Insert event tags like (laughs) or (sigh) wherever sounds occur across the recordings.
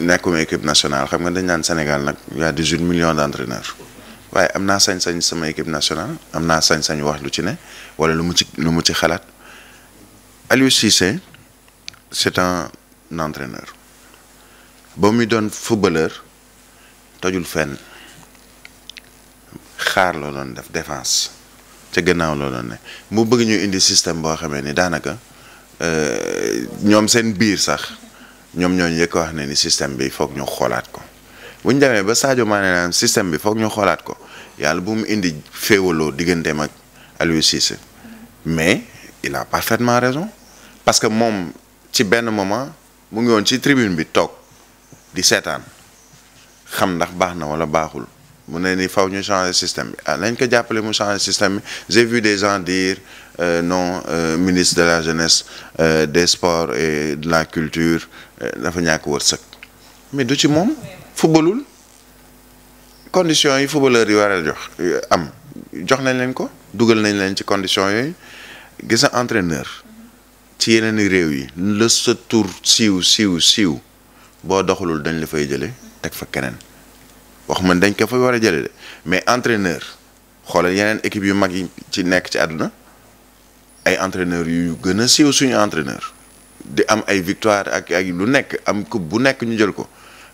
nekkuma équipe nationale xam nga dañ naan Sénégal nag y a 18 millions d'entraîneurs waaye am naa sañ-sañ sama équipe nationale am naa sañ-sañ wax lu ci ne wala lu mu ci lu mu ci xalaat Aliou Cissé c'est un entraîneur ba muy doon footballeur tojul fenn xaar loo doon def défense ca gannaaw loo doon ne mu bëgg ñu indi système boo xamee ni daanaka euh, ñoom seen biir sax. ñoom ñooñu yëkk wax ne ni système bi foog ñu xoolaat ko bu ñu demee ba Sadio Mané naan système bi foog ñu xoolaat ko yàlla bu mu indi féewaloo digganteem ak Aliou mais il a parfaitement raison parce que moom ci benn moment mu ngi woon ci tribune bi toog di seetaan xam ndax baax na wala baaxul. mu ne nii faw ñu changer système bi ah nañ ko jàppale mu changer système bi j'ai vu des gens dire euh, non euh, ministre de la jeunesse euh, des sports et de la culture euh, dafa ñàkk wërsëg mais du ci moom fubalul conditions yi footballeur yi war a jox euh, am jox nañ leen ko dugal nañ leen ci conditions yi gis na ci yeneen réew yi la sa tur siiw siiw siiw boo doxalul dañ la fay jële teg fa keneen wax man dañ ko fa war a jële de mais entraîneur xoolal yeneen équipe yu mag yi ci nekk ci àdduna ay entraîneurs yu gën a siiw suñu entraîneur di am ay victoire ak ak lu nekk am ku bu nekk ñu jël ko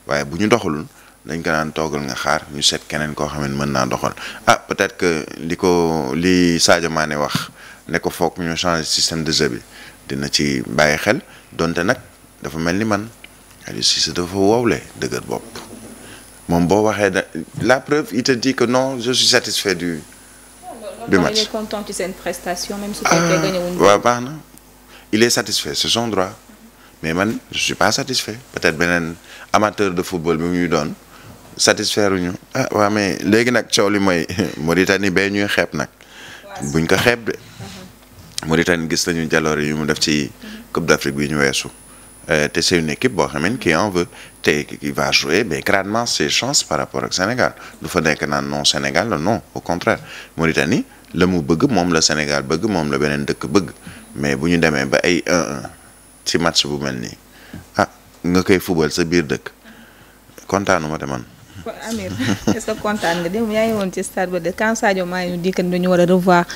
waaye bu ñu doxalul dañ ko naan toogal nga xaar ñu set keneen koo xam ne mën naa doxal ah peut-être que li ko li Sadio ne wax ne ko foog ñu changer système de jeu dina ci bàyyi xel donte nag dafa mel ni man Aliou Cissé dafa wowle dëgër bopp. moom boo waxee da la preuve il te dit que non je suis satisfait du. du match il est content ci seen ah, baax na il est satisfait c'est son droit mais man je suis pas satisfait peut-être beneen amateur de football bi ñuy doon satisfaire ñu ah waaw mais léegi nag coow li mooy (laughs) Mauritanie bee ñuy xeeb nag. buñ ko xeeb de. Uh-huh. Mauritanie gis nañu jaloore yi mu def ci mm-hmm. Coupe d'Afrique bi ñu weesu. Euh, te c'est une équipe boo xamante qui en veut te qui va jouer mais grandement ses chances par rapport ak Sénégal du fa nekk naan non Sénégal la non au contraire Mauritanie la mu bëgg moom la Sénégal bëgg moom la beneen dëkk bëgg mais bu ñu demee ba ay 1-1 ci match bu mel nii ah nga koy fubal sa biir dëkk kontaanuma te man. Amir est kontaan nga dem yaa woon ci stade ba de quand Sadio Mané ñu di que dañu war a revoir.